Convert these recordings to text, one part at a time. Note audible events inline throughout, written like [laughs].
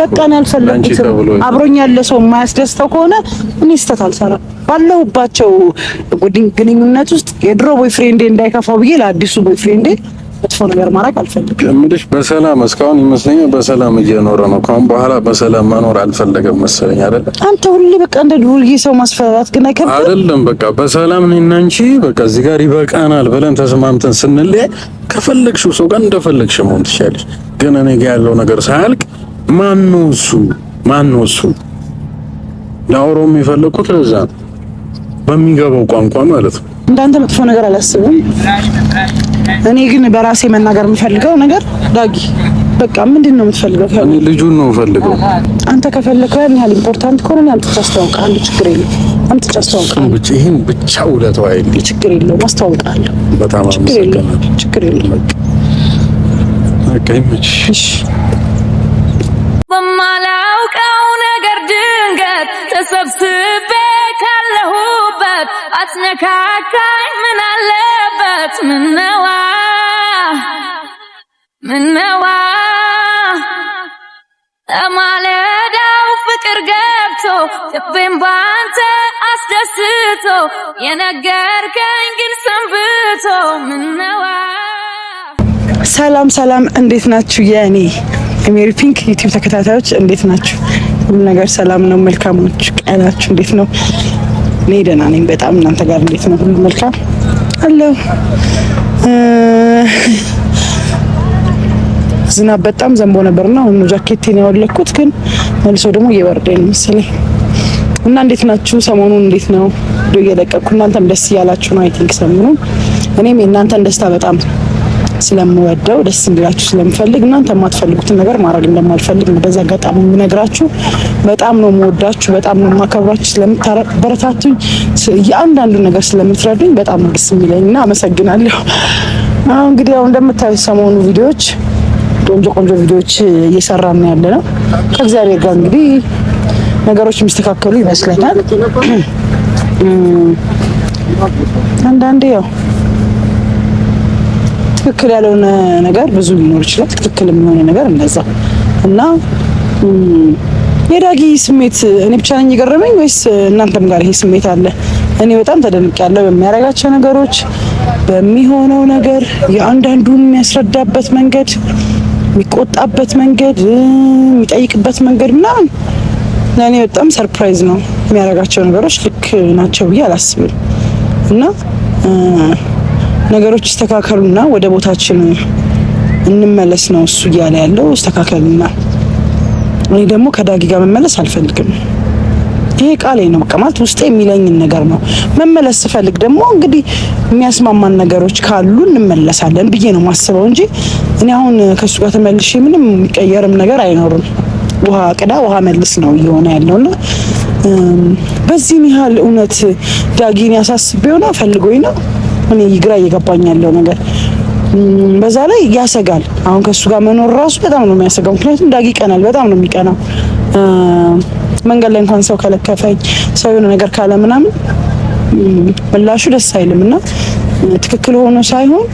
በቃ እኔ አልፈለኩትም። አብሮኝ ያለ ሰው የማያስደስተው ከሆነ እኔ ስህተት አልሰራም። ባለሁባቸው ግንኙነት ውስጥ የድሮ ቦይ ፍሬንዴ እንዳይከፋው ብዬ ለአዲሱ ቦይ ፍሬንዴ መጥፎ ነገር ማድረግ አልፈልግም። የምልሽ በሰላም እስካሁን ይመስለኛል በሰላም እየኖረ ነው። ካሁን በኋላ በሰላም መኖር አልፈለገም መሰለኝ አይደል? አንተ ሁሌ በቃ እንደ ዱርዬ ሰው ማስፈራራት ግን አይከብድም አይደለም? በቃ በሰላም እኔና አንቺ በቃ እዚህ ጋር ይበቃናል ብለን ተስማምተን ስንለያይ ከፈለግሽው ሰው ጋር እንደፈለግሽ መሆን ትችያለሽ። ግን እኔ ጋር ያለው ነገር ሳያልቅ ማነው እሱ? ማነው እሱ? ዳውሮ የሚፈልጉት ለዛ በሚገባው ቋንቋ ማለት ነው። እንዳንተ መጥፎ ነገር አላስብም። እኔ ግን በራሴ መናገር የምፈልገው ነገር ዳጊ፣ በቃ ምንድን ነው የምትፈልገው? እኔ ልጁን ነው የምፈልገው። አንተ ከፈለከው ያን ያህል ኢምፖርታንት ከሆነ እኔ አምጥቼ አስተዋውቅሃለሁ። ችግር የለውም፣ አምጥቼ አስተዋውቅሃለሁ። ብቻ ይሄን ብቻ ውለተው አይል ችግር የለውም፣ አስተዋውቅሃለሁ። በጣም ችግር የለውም፣ ችግር የለውም። በቃ ይመችሽ። ተሰብስቤ ካለሁበት አትነካካኝ ምን አለበት ምነዋ ምነዋ ማለዳው ፍቅር ገብቶ ልቤን ባንተ አስደስቶ የነገርከኝ ግን ሰንብቶ ምነዋ። ሰላም ሰላም፣ እንዴት ናችሁ የእኔ የሜሪ ፒንክ ዩቲዩብ ተከታታዮች እንዴት ናችሁ? ሁሉ ነገር ሰላም ነው? መልካም ቀናችሁ እንዴት ነው? እኔ ደህና ነኝ በጣም እናንተ ጋር እንዴት ነው? ሁሉ መልካም አለው። ዝናብ በጣም ዘንቦ ነበርና አሁን ጃኬቴን ያወለኩት ግን መልሶ ደግሞ እየበረደኝ ነው መሰለኝ። እና እንዴት ናችሁ? ሰሞኑን እንዴት ነው? ቪዲዮ እየለቀኩ እናንተም ደስ እያላችሁ ነው። አይ ቲንክ ሰሞኑን እኔም የእናንተን ደስታ በጣም ስለምወደው ደስ እንዲላችሁ ስለምፈልግ እናንተ የማትፈልጉትን ነገር ማድረግ እንደማልፈልግ ነው በዛ አጋጣሚ የምነግራችሁ። በጣም ነው የምወዳችሁ፣ በጣም ነው የማከብራችሁ። ስለምታበረታቱኝ፣ የአንዳንዱ ነገር ስለምትረዱኝ በጣም ነው ደስ የሚለኝ እና አመሰግናለሁ። አሁን እንግዲህ ያው እንደምታዩት ሰሞኑ ቪዲዮዎች ቆንጆ ቆንጆ ቪዲዮዎች እየሰራን ያለ ነው። ከእግዚአብሔር ጋር እንግዲህ ነገሮች የሚስተካከሉ ይመስለኛል። [clears throat] አንዳንዴ ያው ትክክል ያልሆነ ነገር ብዙ ሊኖር ይችላል። ትክክል የሚሆነ ነገር እንደዛ እና የዳጊ ስሜት እኔ ብቻ ነኝ የገረመኝ ወይስ እናንተም ጋር ይሄ ስሜት አለ? እኔ በጣም ተደንቅ ያለው በሚያደርጋቸው ነገሮች፣ በሚሆነው ነገር፣ የአንዳንዱ የሚያስረዳበት መንገድ፣ የሚቆጣበት መንገድ፣ የሚጠይቅበት መንገድ ምናምን ለእኔ በጣም ሰርፕራይዝ ነው። የሚያደርጋቸው ነገሮች ልክ ናቸው ብዬ አላስብም እና ነገሮች ይስተካከሉና ወደ ቦታችን እንመለስ ነው እሱ እያለ ያለው ይስተካከሉና። እኔ ደግሞ ከዳጊ ጋር መመለስ አልፈልግም። ይሄ ቃሌ ነው። በቃ ማለት ውስጤ የሚለኝን ነገር ነው። መመለስ ስፈልግ ደግሞ እንግዲህ የሚያስማማን ነገሮች ካሉ እንመለሳለን ብዬ ነው ማስበው እንጂ እኔ አሁን ከእሱ ጋር ተመልሼ ምንም የሚቀየርም ነገር አይኖርም። ውሃ ቅዳ ውሃ መልስ ነው እየሆነ ያለውና በዚህም ያህል እውነት ዳጊን ያሳስብ ቢሆን ፈልጎኝ ነው እኔ ግራ እየገባኝ ያለው ነገር በዛ ላይ ያሰጋል። አሁን ከእሱ ጋር መኖር ራሱ በጣም ነው የሚያሰጋው። ምክንያቱም ዳጊ ይቀናል፣ በጣም ነው የሚቀናው። መንገድ ላይ እንኳን ሰው ከለከፈኝ፣ ሰው የሆነ ነገር ካለ ምናምን ምላሹ ደስ አይልም እና ትክክል ሆኖ ሳይሆን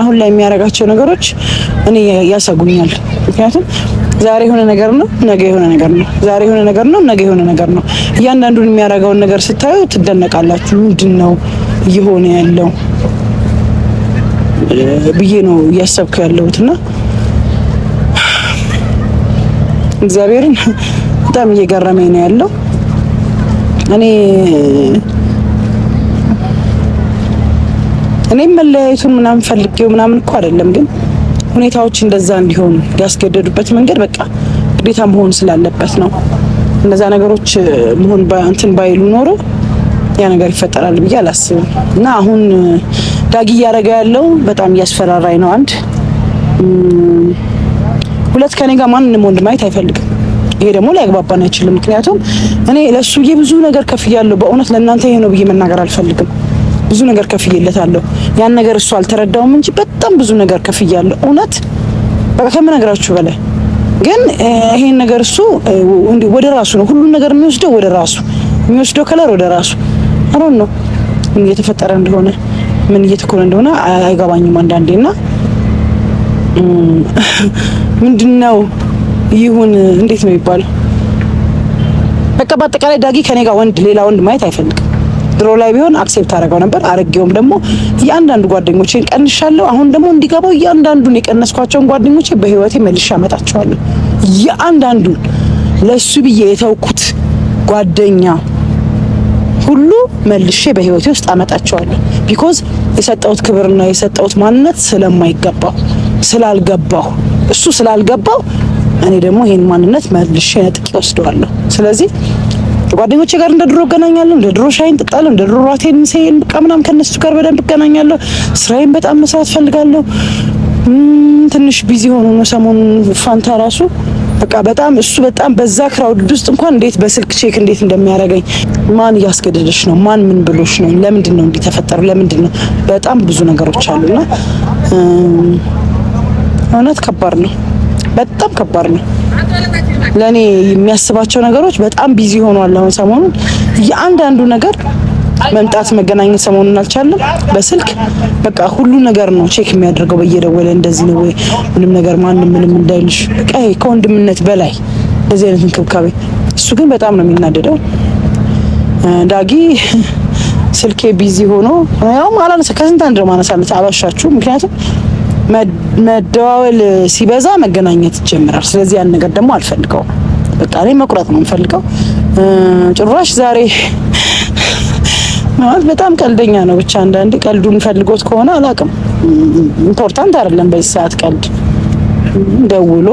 አሁን ላይ የሚያደርጋቸው ነገሮች እኔ ያሰጉኛል። ምክንያቱም ዛሬ የሆነ ነገር ነው፣ ነገ የሆነ ነገር ነው፣ ዛሬ የሆነ ነገር ነው፣ ነገ የሆነ ነገር ነው። እያንዳንዱን የሚያደርገውን ነገር ስታዩ ትደነቃላችሁ። ምንድን ነው እየሆነ ያለው ብዬ ነው እያሰብኩ ያለሁት እና እግዚአብሔርን በጣም እየገረመኝ ነው ያለው። እኔ እኔም መለያየቱን ምናምን ፈልጌው ምናምን እኮ አይደለም፣ ግን ሁኔታዎች እንደዛ እንዲሆኑ ያስገደዱበት መንገድ በቃ ግዴታ መሆን ስላለበት ነው። እነዛ ነገሮች መሆን እንትን ባይሉ ኖሮ ያ ነገር ይፈጠራል ብዬ አላስብም። እና አሁን ዳጊ እያደረገ ያለው በጣም እያስፈራራኝ ነው። አንድ ሁለት ከኔ ጋር ማንንም ወንድ ማየት አይፈልግም። ይሄ ደግሞ ሊያግባባን አይችልም። ምክንያቱም እኔ ለሱ ብዙ ነገር ከፍያለሁ። በእውነት ለእናንተ ይሄ ነው ብዬ መናገር አልፈልግም። ብዙ ነገር ከፍዬለታለሁ። ያን ነገር እሱ አልተረዳውም እንጂ በጣም ብዙ ነገር ከፍያለሁ። እውነት በቃ ከምነግራችሁ በላይ ግን ይሄን ነገር እሱ ወደ ራሱ ነው ሁሉን ነገር የሚወስደው ወደ ራሱ የሚወስደው ከለር ወደ ራሱ አሮን ነው ምን እየተፈጠረ እንደሆነ ምን እየተኮነ እንደሆነ አይገባኝም አንዳንዴ እና ምንድነው ይሁን እንዴት ነው ይባላል? በቃ በአጠቃላይ ዳጊ ከኔ ጋር ወንድ ሌላ ወንድ ማየት አይፈልግም። ድሮ ላይ ቢሆን አክሴፕት አደረገው ነበር። አረጌውም ደግሞ እያንዳንዱ ጓደኞቼን ቀንሻለሁ። አሁን ደግሞ እንዲገባው እያንዳንዱን የቀነስኳቸውን ጓደኞቼ በህይወቴ መልሼ አመጣቸዋለሁ። እያንዳንዱን ለሱ ብዬ የተውኩት ጓደኛ ሁሉ መልሼ በህይወቴ ውስጥ አመጣቸዋለሁ። ቢኮዝ የሰጠሁት ክብርና የሰጠሁት ማንነት ስለማይገባው ስላልገባው እሱ ስላልገባው እኔ ደግሞ ይሄን ማንነት መልሼ ነጥቄ ወስደዋለሁ። ስለዚህ ጓደኞቼ ጋር እንደ ድሮ እገናኛለሁ። እንደ ድሮ ሻይን ጠጣለሁ። እንደ ድሮ ራቴን ሴን በቃ ምናምን ከነሱ ጋር በደንብ እገናኛለሁ። ስራዬን በጣም መስራት ፈልጋለሁ። ትንሽ ቢዚ ሆኖ ነው ሰሞኑን ፋንታ ራሱ በቃ በጣም እሱ በጣም በዛ ክራውድ ውስጥ እንኳን እንዴት በስልክ ቼክ እንዴት እንደሚያደርገኝ ማን እያስገደደች ነው? ማን ምን ብሎች ነው? ለምንድን ነው እንዲተፈጠረው? ለምንድን ነው? በጣም ብዙ ነገሮች አሉና እውነት ከባድ ነው። በጣም ከባድ ነው። ለእኔ የሚያስባቸው ነገሮች በጣም ቢዚ ሆኗል አሁን ሰሞኑን የአንዳንዱ ነገር መምጣት መገናኘት ሰሞኑን አልቻለም። በስልክ በቃ ሁሉ ነገር ነው ቼክ የሚያደርገው በየደወለ እንደዚህ ነው ወይ ምንም ነገር ማንም ምንም እንዳይልሽ በቃ ከወንድምነት በላይ እንደዚህ አይነት እንክብካቤ። እሱ ግን በጣም ነው የሚናደደው። ዳጊ ስልኬ ቢዚ ሆኖ ያውም አላነሳ ከስንት አንድ ነው ማነሳለት አባሻችሁ። ምክንያቱም መደዋወል ሲበዛ መገናኘት ይጀምራል። ስለዚህ ያን ነገር ደግሞ አልፈልገውም። በቃ እኔ መቁረጥ ነው የምፈልገው ጭራሽ ዛሬ ማለት በጣም ቀልደኛ ነው። ብቻ አንዳንዴ ቀልዱን ፈልጎት ከሆነ አላውቅም። ኢምፖርታንት አይደለም በዚህ ሰዓት ቀልድ። ደውሎ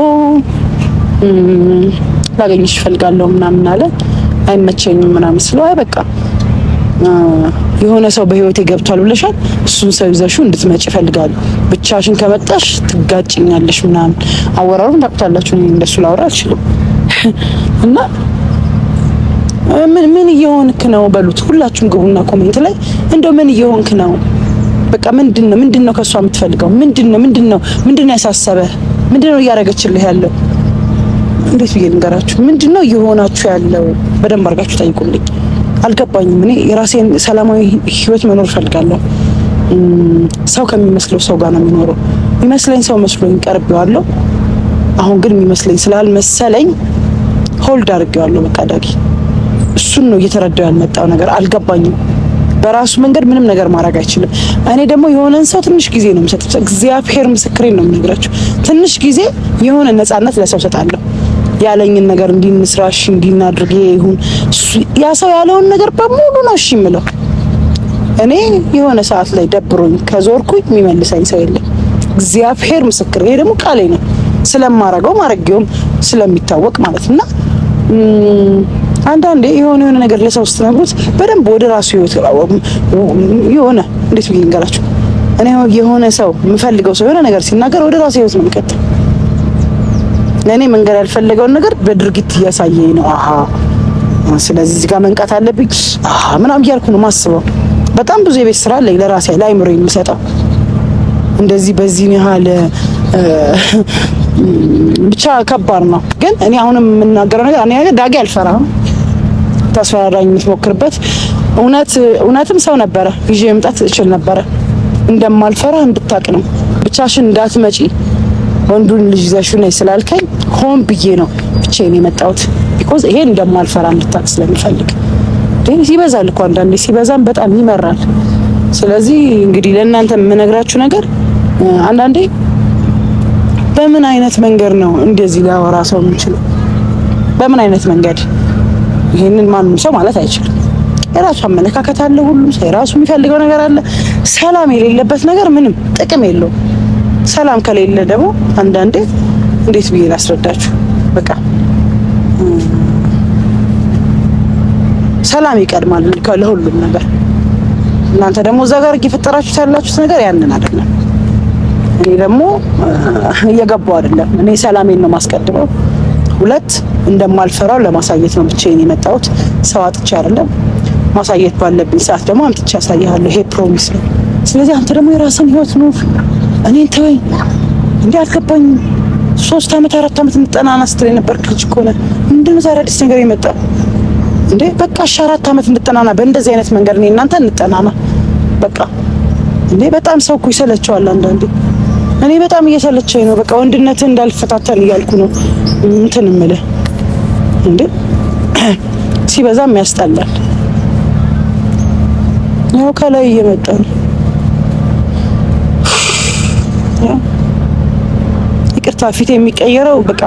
ላገኝሽ እፈልጋለሁ ምናምን አለ አይመቸኝም ምናምን ስለው አይ በቃ የሆነ ሰው በህይወቴ ገብቷል ብለሻል፣ እሱን ሰው ይዘሹ እንድትመጪ እፈልጋለሁ። ብቻሽን ከመጣሽ ትጋጭኛለሽ ምናምን። አወራሩን ታውቁታላችሁ። እንደሱ ላውራ አልችልም [laughs] እና ምን ምን እየሆንክ ነው በሉት። ሁላችሁም ግቡና ኮሜንት ላይ እንደው ምን እየሆንክ ነው? በቃ ምንድነው ምንድነው ከሷ የምትፈልገው? ምንድነው ምንድነው ምንድነው ያሳሰበህ? ምንድነው እያደረገችልህ ያለው? እንዴት ብዬ ልንገራችሁ? ምንድነው እየሆናችሁ ያለው? በደንብ አድርጋችሁ ጠይቁልኝ። አልገባኝም። እኔ የራሴን ሰላማዊ ህይወት መኖር እፈልጋለሁ። ሰው ከሚመስለው ሰው ጋር ነው የሚኖረው። የሚመስለኝ ሰው መስሎኝ ቀርቤዋለሁ። አሁን ግን የሚመስለኝ ስላልመሰለኝ ሆልድ አድርጌዋለሁ። በቃ ዳጊ እሱን ነው እየተረዳው ያልመጣው ነገር አልገባኝም። በራሱ መንገድ ምንም ነገር ማድረግ አይችልም። እኔ ደግሞ የሆነን ሰው ትንሽ ጊዜ ነው የምሰጡት። እግዚአብሔር ምስክሬን ነው የምነግራችሁ። ትንሽ ጊዜ የሆነ ነጻነት ለሰው ሰጣለሁ። ያለኝን ነገር እንዲንስራሽ እንዲናድርግ ይሁን ያ ሰው ያለውን ነገር በሙሉ ነው እሺ የምለው። እኔ የሆነ ሰዓት ላይ ደብሮኝ ከዞርኩኝ የሚመልሰኝ ሰው የለም። እግዚአብሔር ምስክር፣ ይሄ ደግሞ ቃሌ ነው። ስለማረገው ማረጊውም ስለሚታወቅ ማለት እና አንዳንዴ የሆነ የሆነ ነገር ለሰው ስትነግሩት በደንብ ወደ ራሱ ህይወት የሆነ እንዴት ብዬ ልንገራችሁ፣ እኔ የሆነ ሰው የምፈልገው ሰው የሆነ ነገር ሲናገር ወደ ራሱ ህይወት ነው የሚቀጥል። ለእኔ መንገድ ያልፈለገውን ነገር በድርጊት እያሳየኝ ነው። ስለዚህ እዚህ ጋር መንቃት አለብኝ አሀ ምናምን እያልኩ ነው ማስበው። በጣም ብዙ የቤት ስራ አለኝ ለራሴ ለአይምሮ የሚሰጠው እንደዚህ በዚህን ያህል ብቻ ከባድ ነው። ግን እኔ አሁንም የምናገረው ነገር ዳጊ አልፈራም ታስፈራራኝ የምትሞክርበት እውነትም ሰው ነበረ ይዤ መምጣት እችል ነበረ። እንደማልፈራ እንድታቅ ነው። ብቻሽን እንዳትመጪ ወንዱን ልጅ ይዘሽው ነይ ስላልከኝ ሆን ብዬ ነው ብቻዬን የመጣሁት። ቢኮዝ ይሄን እንደማልፈራ እንድታቅ ስለሚፈልግ ሲበዛል እኮ አንዳንዴ ሲበዛም በጣም ይመራል። ስለዚህ እንግዲህ ለእናንተ የምነግራችሁ ነገር አንዳንዴ በምን አይነት መንገድ ነው እንደዚህ ላወራ ሰው የምችለው? በምን አይነት መንገድ ይህንን ማንም ሰው ማለት አይችልም። የራሱ አመለካከት አለ። ሁሉም ሰው የራሱ የሚፈልገው ነገር አለ። ሰላም የሌለበት ነገር ምንም ጥቅም የለውም። ሰላም ከሌለ ደግሞ አንዳንዴ እንዴት ብዬ ላስረዳችሁ? በቃ ሰላም ይቀድማል ለሁሉም ነገር። እናንተ ደግሞ እዛ ጋር እየፈጠራችሁት ያላችሁት ነገር ያንን አይደለም። እኔ ደግሞ እየገባው አይደለም። እኔ ሰላሜን ነው ማስቀድመው። ሁለት እንደማልፈራው ለማሳየት ነው ብቻዬን የመጣሁት። ሰው አጥቼ አይደለም። ማሳየት ባለብኝ ሰዓት ደግሞ አምጥቼ ያሳይሃለሁ። ይሄ ፕሮሚስ ነው። ስለዚህ አንተ ደግሞ የራስን ህይወት ኑር፣ እኔን ተወኝ። እንዲ አልገባኝ። ሶስት አመት አራት አመት እንጠናና ስትል የነበርክ ልጅ ከሆነ ምንድን ዛሬ አዲስ ነገር የመጣ እንዴ? በቃ እሺ አራት አመት እንጠናና በእንደዚህ አይነት መንገድ እኔ እናንተ እንጠናና በቃ እንዴ። በጣም ሰው እኮ ይሰለቸዋል አንዳንዴ። እኔ በጣም እየሰለቸኝ ነው። በቃ ወንድነትህ እንዳልፈታተን እያልኩ ነው። እንትን እምልህ እንዴ ሲበዛም ያስጠላል። ያው ከላይ እየመጣ ነው። ይቅርታ ፊት የሚቀየረው በቃ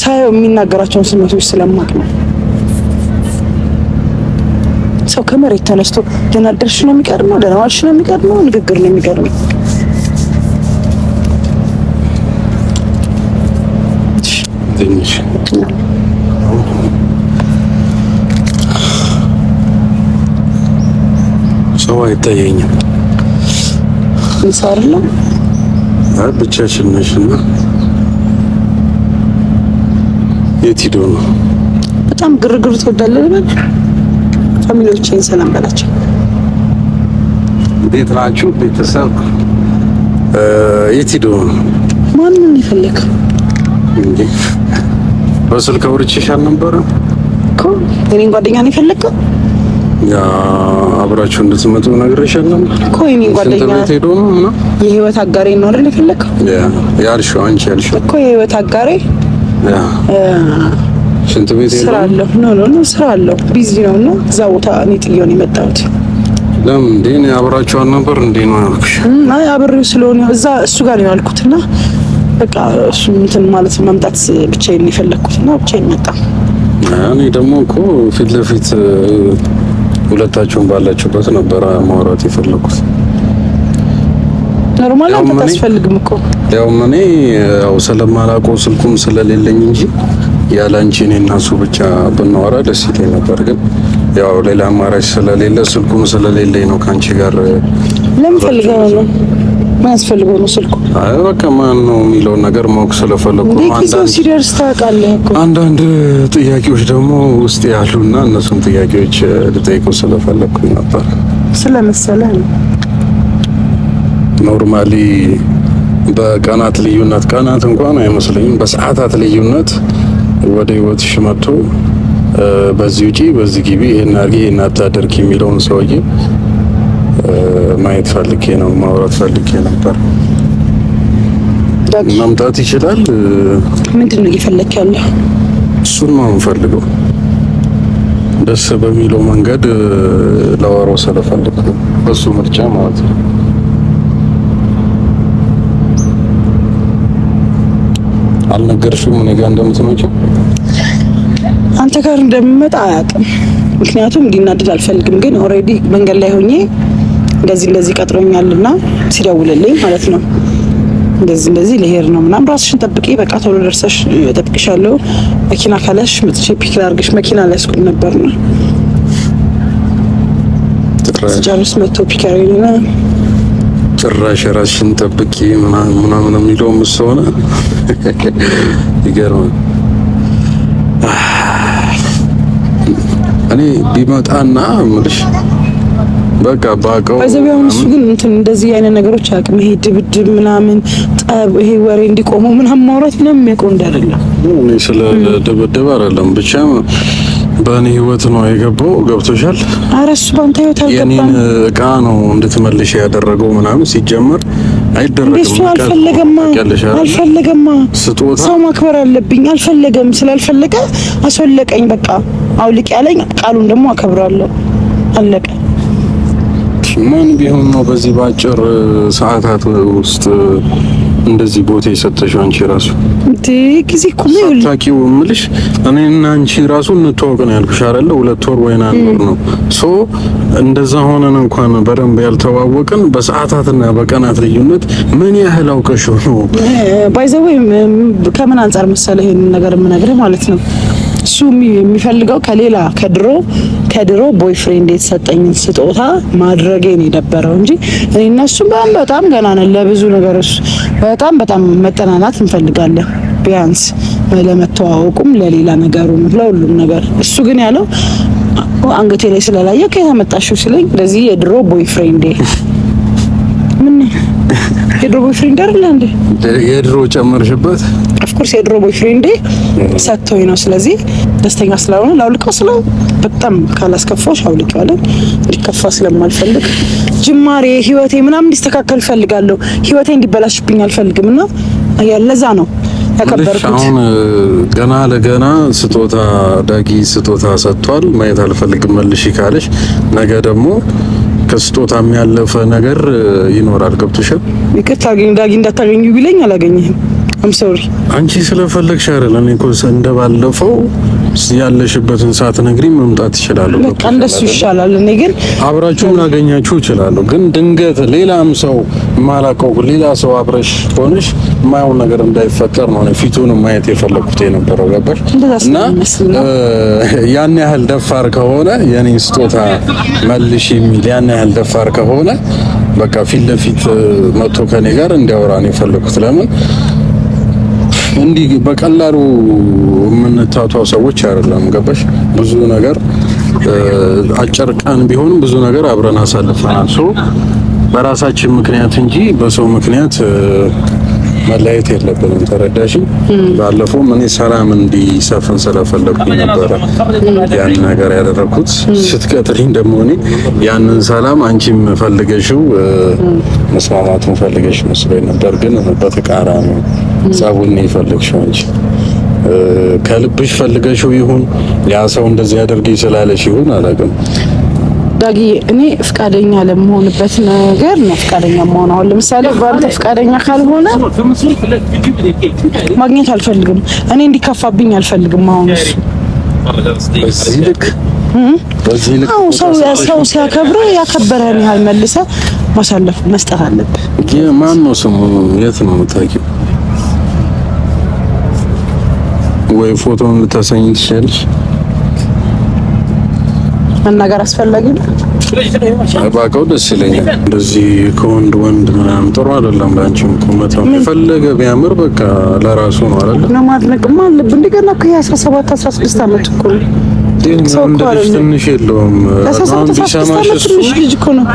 ሳየው የሚናገራቸውን ስሜቶች ስለማቅ ነው። ሰው ከመሬት ተነስቶ ደህና አደርሽ ነው የሚቀድመው፣ ደህና ዋልሽ ነው የሚቀድመው፣ ንግግር ነው የሚቀድመው። ትንሽ ሰው አይታየኝም። እንሳርለም ብቻሽን ነሽ እና የት ሂዶ ነው? በጣም ግርግር ትወዳለህ ልበል? ፋሚሊዎቼን ሰላም በላቸው። እንዴት ናችሁ ቤተሰብ? የት ሂዶ ነው? ማንን የፈለግ በስልክ አውርቼሽ አልነበረ? እኔን ጓደኛ ነው የፈለግከው? አብራችሁ እንድትመጡ ነግሬሻለሁ እኮ የእኔን ጓደኛ የህይወት አጋሬ ነው አይደል የፈለግከው? ያልሽው አንቺ ያልሽው እኮ የህይወት አጋሬ ሽንት ቤት ስራ አለው። ኖ ኖ ኖ ስራ አለው ቢዚ ነው እና እዛ ቦታ እኔ ጥዬው ነው የመጣሁት። ለምን እንዴ? አብራችሁ አልነበር እንዴ ነው ያልኩሽ? አይ አብሬው ስለሆነ እዛ እሱ ጋር ነው ያልኩትና በቃ እሱ እንትን ማለት መምጣት ብቻዬን የፈለግኩትና ብቻዬን መጣ። እኔ ደግሞ እኮ ፊት ለፊት ሁለታችሁን ባላችሁበት ነበረ ማውራት የፈለኩት። ኖርማል አንተ ታስፈልግም እኮ ያው እኔ ያው ስለማላውቀው ስልኩም ስለሌለኝ እንጂ ያለ አንቺ እኔ እና እሱ ብቻ ብናወራ ደስ ይለኝ ነበር፣ ግን ያው ሌላ አማራጭ ስለሌለ ስልኩም ስለሌለኝ ነው ከአንቺ ጋር ለምን ፈልገው ነው ማያስፈልገው ነው ስልኩ። አይ በቃ ማን ነው የሚለውን ነገር ማወቅ ስለፈለኩ ነው። ጊዜው ሲደርስ ታውቃለህ እኮ። አንዳንድ ጥያቄዎች ደግሞ ውስጥ ያሉና እነሱን ጥያቄዎች ልጠይቀው ስለፈለኩ ነበር። ስለመሰለህ ነው። ኖርማሊ በቀናት ልዩነት ቀናት እንኳን አይመስለኝም፣ በሰዓታት ልዩነት ወደ ህይወትሽ መጥቶ በዚህ ውጪ፣ በዚህ ግቢ፣ ይሄን አድርጊ፣ ይሄን አታደርጊ የሚለውን ሰውዬ ማየት ፈልጌ ነው፣ ማውራት ፈልጌ ነበር። መምጣት ይችላል። ምንድን ነው እየፈለክ ያለው? እሱን ነው የምፈልገው። ደስ በሚለው መንገድ ለወሮ ስለፈልግ በሱ ምርጫ ማለት ነው። አልነገርሽም እኔ ጋር እንደምትመጪ? አንተ ጋር እንደምመጣ አያውቅም። ምክንያቱም እንዲናደድ አልፈልግም። ግን ኦልሬዲ መንገድ ላይ ሆኜ እንደዚህ እንደዚህ ቀጥሮኛልና ሲደውልልኝ ማለት ነው እንደዚህ እንደዚህ ልሄድ ነው ምናምን፣ ራስሽን ጠብቂ፣ በቃ ቶሎ ደርሰሽ ጠብቅሻለሁ። መኪና ካለሽ መጥቼ ፒክ ላድርግሽ፣ መኪና ላይ ስቁም ነበር ነው ስጨርስ መጥቶ ፒክ ያደርግልና ጭራሽ ራስሽን ጠብቂ ምናምን የሚለው ምስ ሆነ [laughs] ይገርማል። እኔ ቢመጣና ምልሽ በቃ ባቀው እዚህ ቢሆን እሱ ግን እንትን እንደዚህ አይነት ነገሮች አቅም ይሄ ድብድብ ምናምን ጠብ ይሄ ወሬ እንዲቆሙ ምናምን ማውራት ምናምን የሚያውቀው እንዳደለ እኔ ስለ ድብድብ አይደለም ብቻ በእኔ ህይወት ነው የገባው። ገብቶሻል? ኧረ እሱ በአንተ ህይወት አልገባም። የኔን እቃ ነው እንድትመልሽ ያደረገው ምናምን ሲጀመር አይደረግም። እሱ አልፈለገማ አልፈለገማ። ስትወጣ ሰው ማክበር አለብኝ። አልፈለገም። ስላልፈለገ አስወለቀኝ። በቃ አውልቅ ያለኝ ቃሉን ደግሞ አከብራለሁ። አለቀ። ምን ቢሆን ነው በዚህ ባጭር ሰዓታት ውስጥ እንደዚህ ቦታ የሰጠሽው? አንቺ ራሱ ጊዜ እኮ ታውቂው የምልሽ እኔ እና አንቺ ራሱ እንተዋወቅ ነው ያልኩሽ አይደለ? ሁለት ወር ወይና አንድ ነው ሶ እንደዛ ሆነን እንኳን በደንብ ያልተዋወቅን በሰዓታትና በቀናት ልዩነት ምን ያህል አውቀሽው ነው? ባይ ዘ ወይ ከምን አንጻር መሰለህ ይሄን ነገር የምነግርህ ማለት ነው እሱ የሚፈልገው ከሌላ ከድሮ ከድሮ ቦይፍሬንድ የተሰጠኝ ስጦታ ማድረጌ ነው የነበረው እንጂ እኔ እነሱ በጣም ገና ነን። ለብዙ ነገሮች በጣም በጣም መጠናናት እንፈልጋለን። ቢያንስ ለመተዋወቁም፣ ለሌላ ነገሩም፣ ለሁሉም ነገር እሱ ግን ያለው አንገቴ ላይ ስለላየ ከየተመጣሽው ስለኝ እንደዚህ የድሮ ቦይፍሬንዴ ምን የድሮ ቦይፍሬንድ አይደለ እንዴ? የድሮ ጨመርሽበት ኦፍኮርስ የድሮ ቦይፍሬንዴ ሰጥቶኝ ነው። ስለዚህ ደስተኛ ስለሆነ ላውልቀው ስለው በጣም ካላስከፋሽ አውልቀዋለን። እንዲከፋ ስለማልፈልግ ጅማሬ ህይወቴ ምናምን እንዲስተካከል ፈልጋለሁ። ህይወቴ እንዲበላሽብኝ አልፈልግም እና ለዛ ነው አሁን ገና ለገና ስጦታ ዳጊ ስጦታ ሰጥቷል ማየት አልፈልግም መልሽ ካለሽ ነገ ደግሞ ከስጦታ የሚያለፈ ነገር ይኖራል። ገብቶሻል? ይቅርታ ዳጊ እንዳታገኙ ቢለኝ አላገኘህም አም ሶሪ አንቺ ስለፈለግሽ አይደለም እኮ እንደባለፈው ያለሽበትን ሰዓት ነግሪ መምጣት ይችላል። በቃ እንደሱ ይሻላል። እኔ ግን አብራችሁ ምን አገኛችሁ ይችላል። ግን ድንገት ሌላም ሰው ማላቀው ሌላ ሰው አብረሽ ሆነሽ ማየውን ነገር እንዳይፈጠር ነው ፊቱን ማየት የፈለኩት የነበረው ገባሽ? እና ያን ያህል ደፋር ከሆነ የኔ ስጦታ መልሽ የሚል ያን ያህል ደፋር ከሆነ በቃ ፊት ለፊት መቶ ከኔ ጋር እንዲያወራን የፈለኩት ለምን እንዲህ በቀላሉ የምንታቷ ሰዎች አይደለም። ገባሽ? ብዙ ነገር አጭር ቀን ቢሆንም ብዙ ነገር አብረን አሳልፈናል። ሶ በራሳችን ምክንያት እንጂ በሰው ምክንያት መለያየት የለብንም። ተረዳሽ? ባለፈውም እኔ ሰላም እንዲሰፍን ስለፈለግኩኝ ነበረ ያን ነገር ያደረኩት። ስትቀጥሪኝ ደግሞ እኔ ያንን ሰላም አንቺም ፈልገሽው መስማማቱን ፈልገሽ መስሎኝ ነበር፣ ግን በተቃራኒ ጸቡን ነው የፈለግሽው እንጂ ከልብሽ ፈልገሽው ይሁን ያ ሰው እንደዚህ ያደርግ ስላለሽ ይሁን አላውቅም። ዳጊ እኔ ፍቃደኛ ለመሆንበት ነገር ነው ፍቃደኛ መሆን። አሁን ለምሳሌ ባንተ ፍቃደኛ ካልሆነ ማግኘት አልፈልግም። እኔ እንዲከፋብኝ አልፈልግም። አሁን እሱ በዚህ ልክ ሰው ሲያከብረ ያከበረህን ያህል መልሰህ ማሳለፍ መስጠት አለብህ። ማን ነው ስሙ? የት ነው የምታውቂው? ወይ ፎቶን ልታሳኝ ትችላለሽ። መናገር አስፈላጊ እባክህ ደስ ይለኛል። እንደዚህ ከወንድ ወንድ ምናምን ጥሩ አይደለም። ለአንቺም ቁመት ነው የፈለገ ቢያምር በቃ ለራሱ ነው አይደል? ለማድነቅማ አለብህ። እንደገና እኮ የአስራ ሰባት አስራ አመት እኮ ነው ትንሽ የለውም።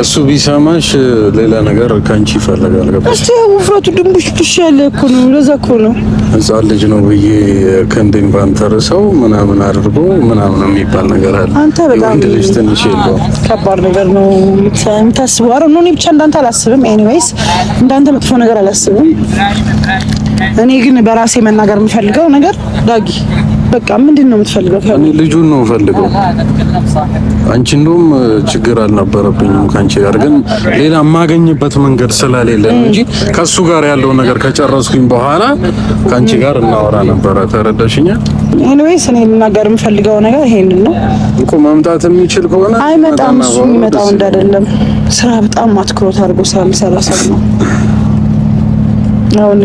እሱ ቢሰማሽ ሌላ ነገር ከአንቺ ይፈልጋል። እስቲ ውፍረቱ ድንቡሽ ትሽ ያለ እኮ ነው። ለዛ እኮ ነው ሕፃን ልጅ ነው ብዬ ከንዴን ባንተር ሰው ምናምን አድርጎ ምናምን የሚባል ነገር አለ። አንተ በጣም ልጅ ትንሽ የለውም። ከባድ ነገር ነው የምታስበው። አረ ነው እኔ ብቻ እንዳንተ አላስብም። ኤኒዌይስ እንዳንተ መጥፎ ነገር አላስብም። እኔ ግን በራሴ መናገር የምፈልገው ነገር ዳጊ በቃ ምንድን ነው የምትፈልገው? እኔ ልጁን ነው የምፈልገው። አንቺ እንደውም ችግር አልነበረብኝም ከአንቺ ጋር ግን ሌላ የማገኝበት መንገድ ስለሌለ ነው እንጂ ከሱ ጋር ያለው ነገር ከጨረስኩኝ በኋላ ከአንቺ ጋር እናወራ ነበረ። ተረዳሽኛል? ኤኒዌይስ እኔ ልናገር የምፈልገው ነገር ይሄን ነው እኮ። መምጣት የሚችል ከሆነ አይመጣም። እሱ የሚመጣው እንዳይደለም ስራ በጣም አትኩሮት አድርጎ ስራ የሚሰራ ሰው ነው። አሁን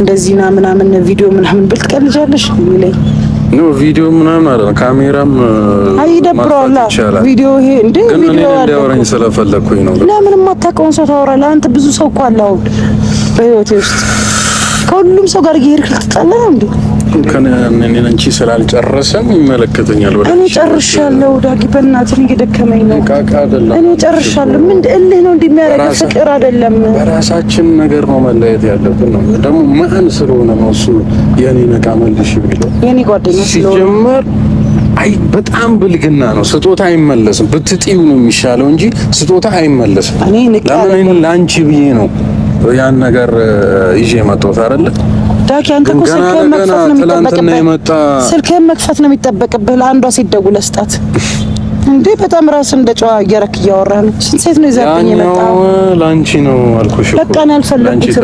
እንደዚህና ምናምን ቪዲዮ ምናምን ብል ትቀልጃለሽ የሚለኝ ነው ቪዲዮ ምናምን አለ ካሜራም ይደብረዋል። ቪዲዮ ይሄ እንደ ቪዲዮ እንዲያወራኝ ስለፈለኩኝ ነው። ለምን የማታውቀውን ሰው ታወራለህ አንተ? ብዙ ሰው እኮ አለ አሁን በህይወቴ ውስጥ ከሁሉም ሰው ጋር እየሄድክ ልትጣላ ነው እንዴ? ከነንቺ ስላልጨረሰም ይመለከተኛል። እኔ ጨርሻለሁ ዳጊ፣ በእናትህ እየደከመኝ ነው። እኔ ጨርሻለሁ። ምን እልህ ነው እንደሚያደርገው ፍቅር አይደለም። በራሳችን ነገር ነው መለየት ያለብን። ነው ደግሞ መሀን ስለሆነ ነው እሱ የኔ ነቃ መልሽ ቢለው የኔ ጓደኛ ሲጀመር አይ በጣም ብልግና ነው። ስጦታ አይመለስም። ብትጥዩ ነው የሚሻለው እንጂ ስጦታ አይመለስም። ለምን ለአንቺ ብዬ ነው ያን ነገር ይዤ መጥቶት አይደለ ዳኪ አንተ እኮ ስልክህን መክፈት ነው የሚጠበቅብህ። ስልክህን መክፈት ነው የሚጠበቅብህ። ለአንዷ ሴት ደውለህ ስጣት እንዴ። በጣም ራስ እንደ ጨዋ እያረክ እያወራህ ነው። ስንት ሴት ነው ይዘብኝ የመጣው? ላንቺ ነው አልኩሽ። በቃ ነው ያልፈለኩት።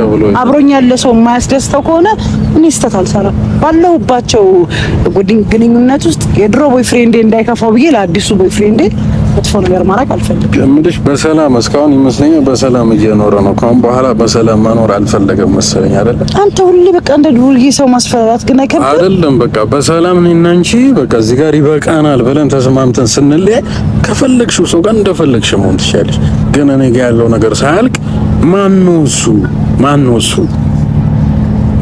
አብሮኝ ያለ ሰው የማያስደስተው ከሆነ እኔ ስህተት አልሰራም። ባለሁባቸው ግንኙነት ውስጥ የድሮ ቦይፍሬንዴ እንዳይከፋው ብዬ ለአዲሱ ቦይፍሬንዴ መጥፎ ነገር ማድረግ አልፈልግም። የምልሽ በሰላም እስካሁን ይመስለኛል በሰላም እየኖረ ነው። ካሁን በኋላ በሰላም መኖር አልፈለገም መሰለኝ አይደል? አንተ ሁሌ በቃ እንደ ዱርዬ ሰው ማስፈራራት ግን አይከብድም አይደለም? በቃ በሰላም እኔና አንቺ በቃ እዚህ ጋር ይበቃናል ብለን ተስማምተን ስንለያይ ከፈለግሽው ሰው ጋር እንደፈለግሽ መሆን ትችያለሽ። ግን እኔ ጋር ያለው ነገር ሳያልቅ ማን ነው እሱ? ማን ነው እሱ?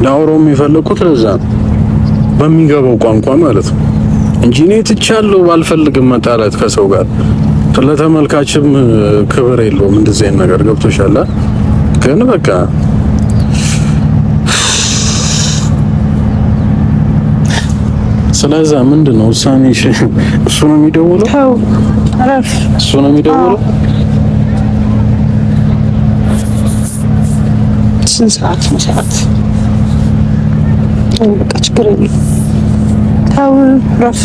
ላውራውም የፈለኩት ለዛ ነው በሚገባው ቋንቋ ማለት ነው እንጂ እኔ ትቻለሁ፣ ባልፈልግም መጣላት ከሰው ጋር ለተመልካችም ክብር የለውም እንደዚህ አይነት ነገር ገብቶሻል። ግን በቃ ስለዛ ምንድን ነው ውሳኔሽ? እሱ ነው የሚደውለው። ተው አረፍ። እሱ ነው የሚደውለው። ስንት ሰዓት ነው ሰዓት? በቃ ችግር የለም። ተው አረፍ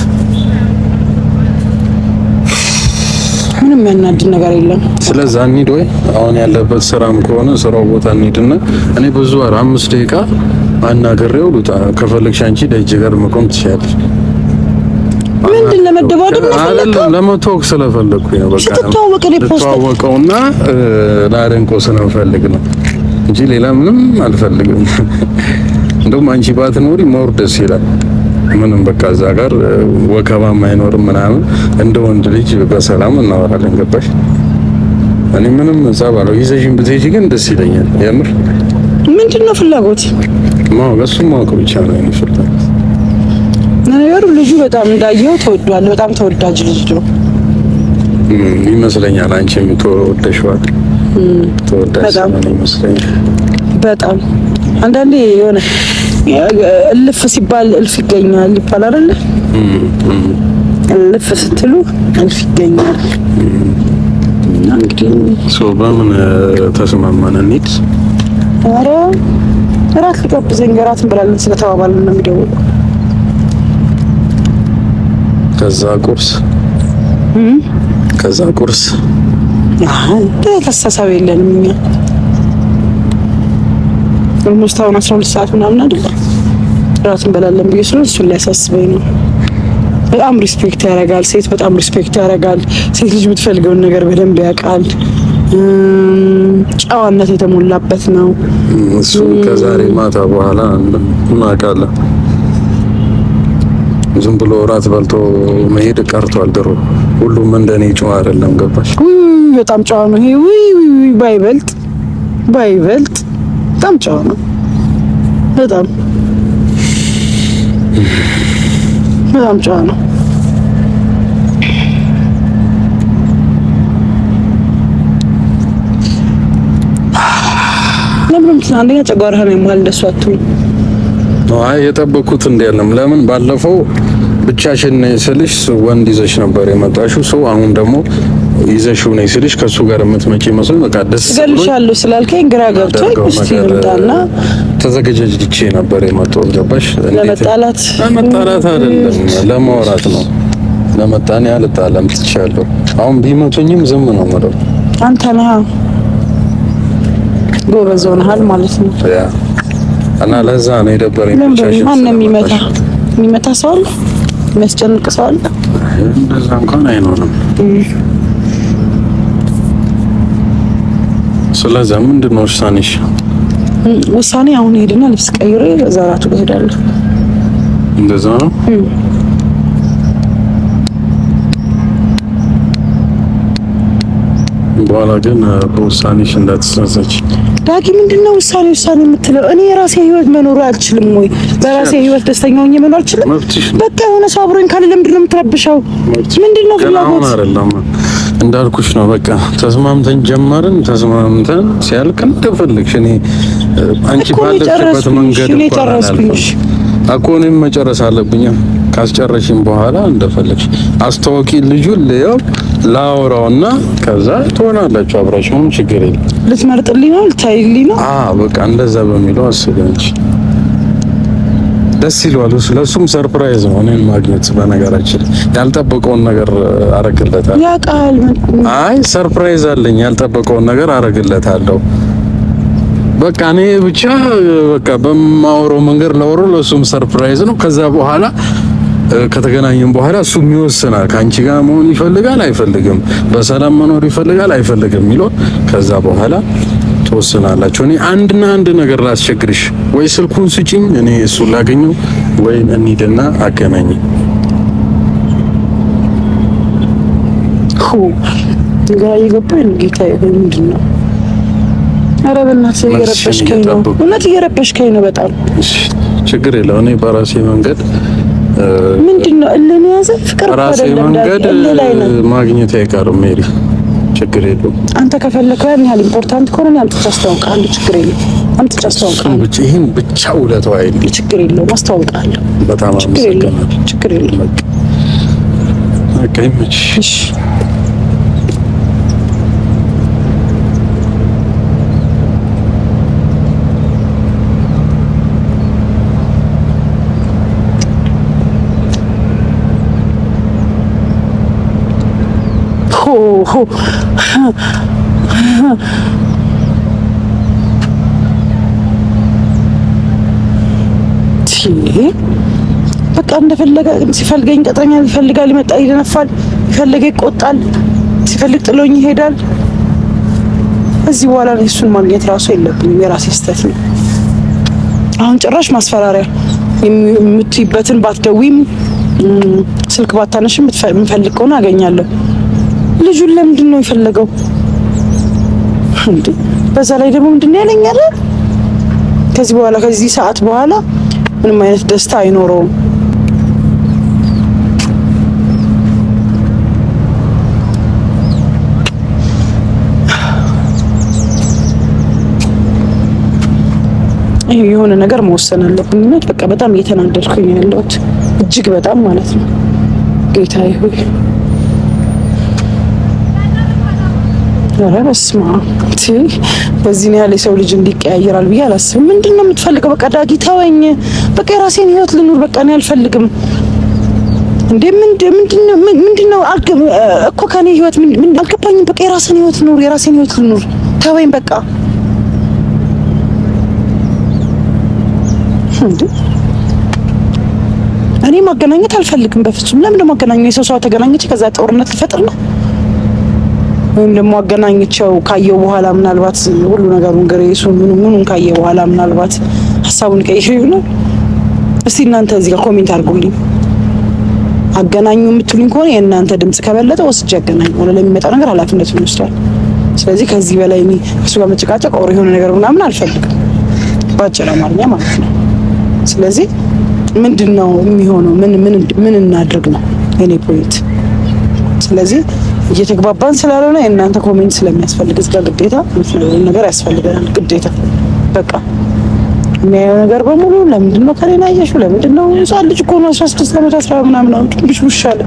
ምንም ያናድድ ነገር የለም። ስለዛ እንሂድ ወይ አሁን ያለበት ስራም ከሆነ ስራው ቦታ እንሂድና እኔ ብዙ ኧረ አምስት ደቂቃ አናግሬው ልውጣ። ከፈለግሽ አንቺ ደጅ ጋር መቆም ትችያለሽ። ምንድን ለመደባደብ ነው ፈለከው? ለመተዋወቅ ስለፈለኩኝ ነው። በቃ ተዋወቀውና ላደንቆ ስለምፈልግ ነው እንጂ ሌላ ምንም አልፈልግም። [laughs] እንደውም አንቺ ባትኖሪ ሞር ደስ ይላል። ምንም በቃ እዛ ጋር ወከባም አይኖርም ምናምን እንደ ወንድ ልጅ በሰላም እናወራለን። ገባሽ? እኔ ምንም ጸብ አለው ይዘሽን ብትሄጂ ግን ደስ ይለኛል። የምር ምንድን ነው ፍላጎት ማወቅ እሱም ማወቅ ብቻ ነው የእኔ ፍላጎት። ነገሩ ልጁ በጣም እንዳየው ተወዷል። በጣም ተወዳጅ ልጅ ነው ይመስለኛል። አንቺም ተወደሽዋል። ተወዳጅ ነው ይመስለኛል። በጣም አንዳንዴ የሆነ እልፍ ሲባል እልፍ ይገኛል ይባል አይደለ? እልፍ ስትሉ እልፍ ይገኛል። እና እንግዲህ ሶ በምን ተስማማን እንሂድ? ኧረ እራት ልጋብዘኝ እራት እንበላለን ስለተባባልን ነው የሚደውለው። ከዛ ቁርስ ከዛ ቁርስ አሁን ተሳሳቢ የለንም እኛ ኦልሞስት አሁን 12 ሰዓት ምናምን አይደል? ራት እንበላለን ብዬ ስለሆነ እሱን ሊያሳስበኝ ነው። በጣም ሪስፔክት ያደርጋል ሴት በጣም ሪስፔክት ያደርጋል። ሴት ልጅ የምትፈልገውን ነገር በደንብ ያውቃል። ጨዋነት የተሞላበት ነው። እሱ ከዛሬ ማታ በኋላ እናውቃለን። ዝም ብሎ እራት በልቶ መሄድ ቀርቷል። ድሮ ሁሉም እንደኔ ጨዋ አይደለም። ገባሽ? በጣም ጨዋ ነው ይሄ። ውይ ውይ ባይበልጥ ባይበልጥ በጣም ጨዋ ነው። በጣም በጣም ጨዋ ነው። ለምንም አንደኛ ጨጓራህን የማል እንደሱ አትሁን። አይ የጠበኩት እንዲያለም ለምን ባለፈው ብቻሽን ስልሽ ወንድ ይዘሽ ነበር የመጣሽው ሰው አሁን ደግሞ ይዘሽው ነኝ ስልሽ ከሱ ጋር የምትመጪ መስሎኝ በቃ ደስ ገልሻለሁ ስላልከኝ ግራ ገብቶኝ እስቲ ልምጣና ተዘገጃጅቼ ነበር የመጣሁት። ገባሽ? ለመጣላት ለመጣላት አይደለም ለማውራት ነው። ለመጣኔ አልጣለም ትችላለሁ። አሁን ቢመቱኝም ዝም ነው የምለው። አንተ ነህ ጎበዝ ሆነሃል ማለት ነው። ያ እና ለዛ ነው የደበረኝ። ማነው የሚመታ? የሚመታ ሰው አለ? የሚያስጨንቅ ሰው አለ? እንደዛ እንኳን አይኖርም። ስለዛ ምንድን ነው ውሳኔሽ? ውሳኔ አሁን ሄድና ልብስ ቀይሬ እዛ እራቱ ጋር እሄዳለሁ። እንደዛ ነው። በኋላ ግን በውሳኔሽ እንዳትሰሰች። ዳጊ ምንድን ነው ውሳኔ ውሳኔ የምትለው? እኔ የራሴ ህይወት መኖር አልችልም ወይ? በራሴ ህይወት ደስተኛ ሆኜ መኖር አልችልም። በቃ የሆነ ሰው አብሮኝ ካለ ለምንድን ነው የምትረብሸው? ምንድን ነው ፍላጎት? እንዳልኩሽ ነው። በቃ ተስማምተን ጀመርን። ተስማምተን ሲያልቅ እንደፈለግሽ እኔ አንቺ ባለሽበት መንገድ እኮ እኔም መጨረስ አለብኝ። ካስጨረሽም በኋላ እንደፈለግሽ አስታወቂ። ልጁ ለያው ላውራውና ከዛ ትሆናላችሁ አብራችሁም ችግር የለም። ልትመርጥልኝ ነው ልታይልኝ ነው። አዎ በቃ እንደዛ በሚለው አስበንች ደስ ይለዋል። ለሱም ሰርፕራይዝ ነው እኔን ማግኘት። በነገራችን ያልጠበቀውን ነገር አረግለታል። ያውቃል። አይ ሰርፕራይዝ አለኝ፣ ያልጠበቀውን ነገር አረግለታለሁ። በቃ እኔ ብቻ በቃ በማወራው መንገድ ለወሮ ለሱም ሰርፕራይዝ ነው። ከዛ በኋላ ከተገናኘን በኋላ እሱም ይወስናል። ከአንቺ ጋር መሆን ይፈልጋል አይፈልግም፣ በሰላም መኖር ይፈልጋል አይፈልግም የሚለው ከዛ በኋላ ትወስናላችሁ። እኔ አንድና አንድ ነገር ላስቸግርሽ፣ ወይ ስልኩን ስጭኝ እኔ እሱን ላገኘው፣ ወይም እንሂድና አገናኝ። ጌታ ነው፣ ነው በጣም። ችግር የለው እኔ በራሴ መንገድ ምንድን ነው እልህ ፍቅር ራሴ መንገድ ማግኘት አይቀርም ሜሪ ችግር የለውም። አንተ ከፈለከው ያን ያህል ኢምፖርታንት ከሆነ ነው አምጥቼ አስተዋውቃለሁ። ችግር የለውም። አምጥቼ አስተዋውቃለሁ። ብቻ ይሄን ብቻ ውለታው አይደል? ችግር የለውም። አስተዋውቃለሁ። በጣም አመሰግናለሁ። ችግር የለውም። በቃ ይመችሽ። በቃ እንደፈለገ ሲፈልገኝ ይቀጥረኛል፣ ይፈልጋል፣ ይመጣል፣ ይደነፋል፣ ይፈልገ ይቆጣል፣ ሲፈልግ ጥሎኝ ይሄዳል። እዚህ በኋላ ላይ እሱን ማግኘት ራሱ የለብኝም። የራሴ ስህተት ነው። አሁን ጭራሽ ማስፈራሪያ የምትይበትን ባትደዊም ስልክ ባታነሽ የምፈልግ ከሆነ አገኛለሁ። ልጁን ለምንድን ነው የፈለገው? እንዴ በዛ ላይ ደግሞ ምንድን ነው ያለኝ አይደል? ከዚህ በኋላ ከዚህ ሰዓት በኋላ ምንም አይነት ደስታ አይኖረውም። የሆነ ነገር መወሰን አለብኝ። እውነት በቃ በጣም እየተናደድኩኝ ያለሁት እጅግ በጣም ማለት ነው። ጌታዬ ሆይ ረበስማ በዚህ ያህል የሰው ልጅ እንዲቀያየራል ብዬ አላስብም። ምንድን ነው የምትፈልገው? በቃ ዳጊ ተወኝ፣ በቃ የራሴን ህይወት ልኑር፣ በቃ እኔ አልፈልግም። እንዴ ምንድን ነው እኮ ከኔ ህይወት አልገባኝም። በቃ የራሴን ህይወት ልኑር፣ የራሴን ህይወት ልኑር፣ ተወኝ በቃ እኔ ማገናኘት አልፈልግም በፍጹም። ለምን ማገናኘው? የሰው ሰው ተገናኘች፣ ከዛ ጦርነት ልፈጥር ነው ወይም ደግሞ አገናኝቸው ካየው በኋላ ምናልባት ሁሉ ነገሩን ግሬሱ ምኑ ምኑን ካየ በኋላ ምናልባት ሀሳቡን ቀይር ይሆናል። እስቲ እናንተ እዚህ ጋር ኮሜንት አድርጉልኝ። አገናኙ የምትሉኝ ከሆነ የእናንተ ድምጽ ከበለጠ ወስጄ አገናኙ ሆነ ለሚመጣው ነገር ኃላፊነቱን ይወስዳል። ስለዚህ ከዚህ በላይ እኔ እሱ ጋር መጨቃጨቅ ቆሮ የሆነ ነገር ምናምን አልፈልግም፣ ባጭር አማርኛ ማለት ነው። ስለዚህ ምንድን ነው የሚሆነው? ምን ምን ምን እናድርግ ነው የኔ ፖይንት። ስለዚህ እየተግባባን ስላልሆነ የእናንተ ኮሜንት ስለሚያስፈልግ እዚጋ ግዴታ የምትነግሩን ነገር ያስፈልገናል። ግዴታ በቃ የሚያየው ነገር በሙሉ ለምንድን ነው ከሌና አየሽው? ለምንድን ነው ህፃን ልጅ እኮ ነው አስራ ስድስት ዓመት አስራ ምናምን ብሽ ውሻ አለ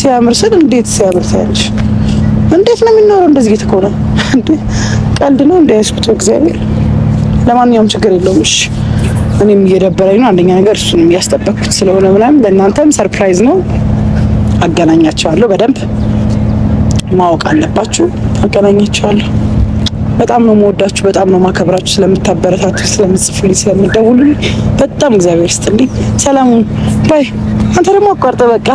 ሲያምር ስል እንዴት ሲያምር ታያለሽ? እንዴት ነው የሚኖረው እንደዚህ ጌት ከሆነ ቀልድ ነው እንደ ያስኩት እግዚአብሔር። ለማንኛውም ችግር የለውም እሺ። እኔም እየደበረኝ ነው አንደኛ ነገር እሱንም እያስጠበቅኩት ስለሆነ ምናምን ለእናንተም ሰርፕራይዝ ነው። አገናኛቸዋለሁ። በደንብ ማወቅ አለባችሁ። አገናኛቸዋለሁ። በጣም ነው መወዳችሁ፣ በጣም ነው ማከብራችሁ። ስለምታበረታቱ፣ ስለምጽፉልኝ፣ ስለምደውሉልኝ በጣም እግዚአብሔር ይስጥልኝ። ሰላሙን ባይ። አንተ ደግሞ አቋርጠ በቃ